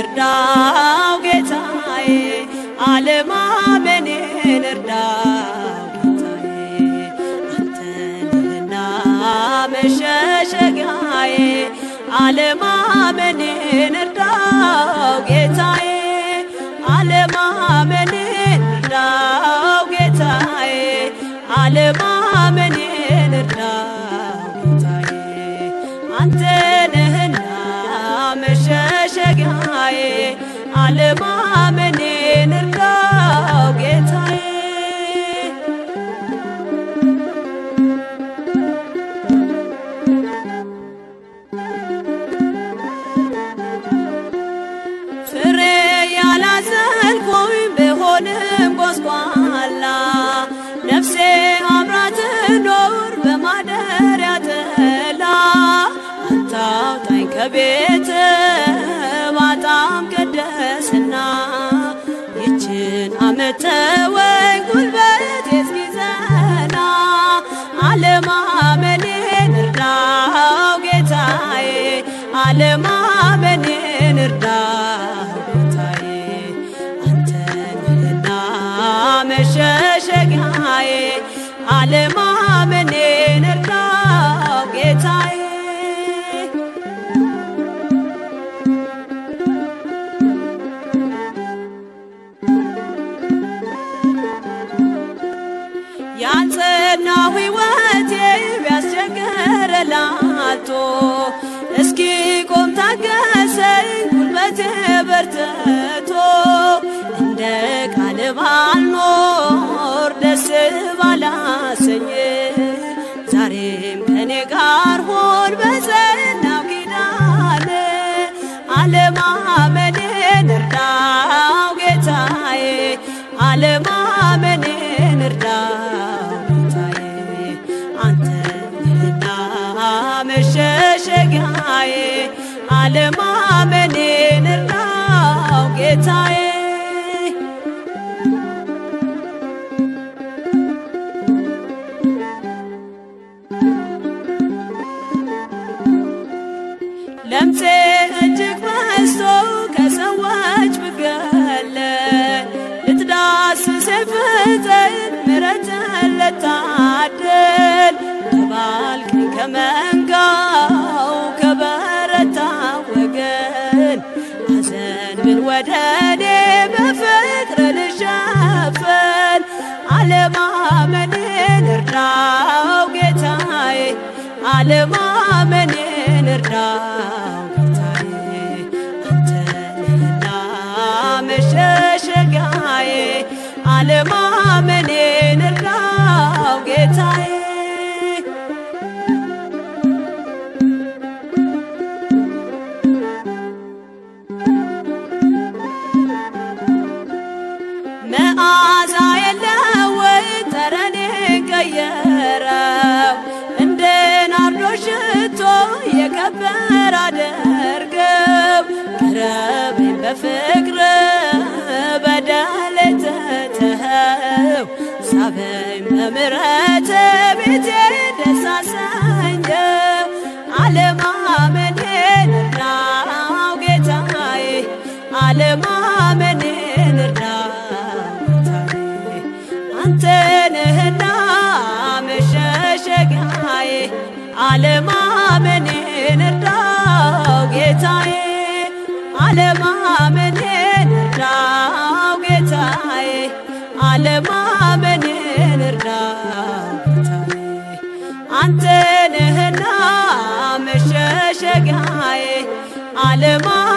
እርዳው ጌታዬ፣ አለማመኔን እርዳው ጌታዬ፣ አንተንህና መሸሸጊያዬ፣ አለማመኔን እርዳው ጌታዬ፣ አለማመኔን እርዳው ጌታዬ፣ አለማመኔ አለማመኔን እርዳው ጌታዬ ፍሬ ያላዘልኮዊ ብሆንም ጎስቋላ ነፍሴ ሰተወኝ ጉልበት የስኪዘና አለማመኔን እርዳው ጌታዬ አለማመኔን እርዳው ጌታዬ መሸሸጊያዬ አለማ ያልጸና ሕይወቴ ቢያስቸገረ ላቶ እስኪ ቆም ታገሰኝ ጉልበቴ በርትቶ እንደ ቃል ባልኖር ደስ መለማመኔን እርዳው ጌታዬ እጅግ በዝቶ ከሰዎች ብገለል ልትዳስስ ፍጥን ግን ወደ እኔ በፍቅር ልሸፍን አለማመንን እርዳው ጌታዬ፣ አለማመንን እርዳው ጌታዬ፣ አንተና መሸሸጋዬ አለማመኔ ምሕረት ቤቴ ደሳሳኝ አለማመኔን እርዳው ጌታዬ አለማመኔን እርዳው አንተ ነህና መሸሸጊያዬ አለማመኔን እርዳው ጌታዬ አለማመኔን እርዳው ጌታዬ አለማ አንተ ነህና መሸሸጊያዬ አለማ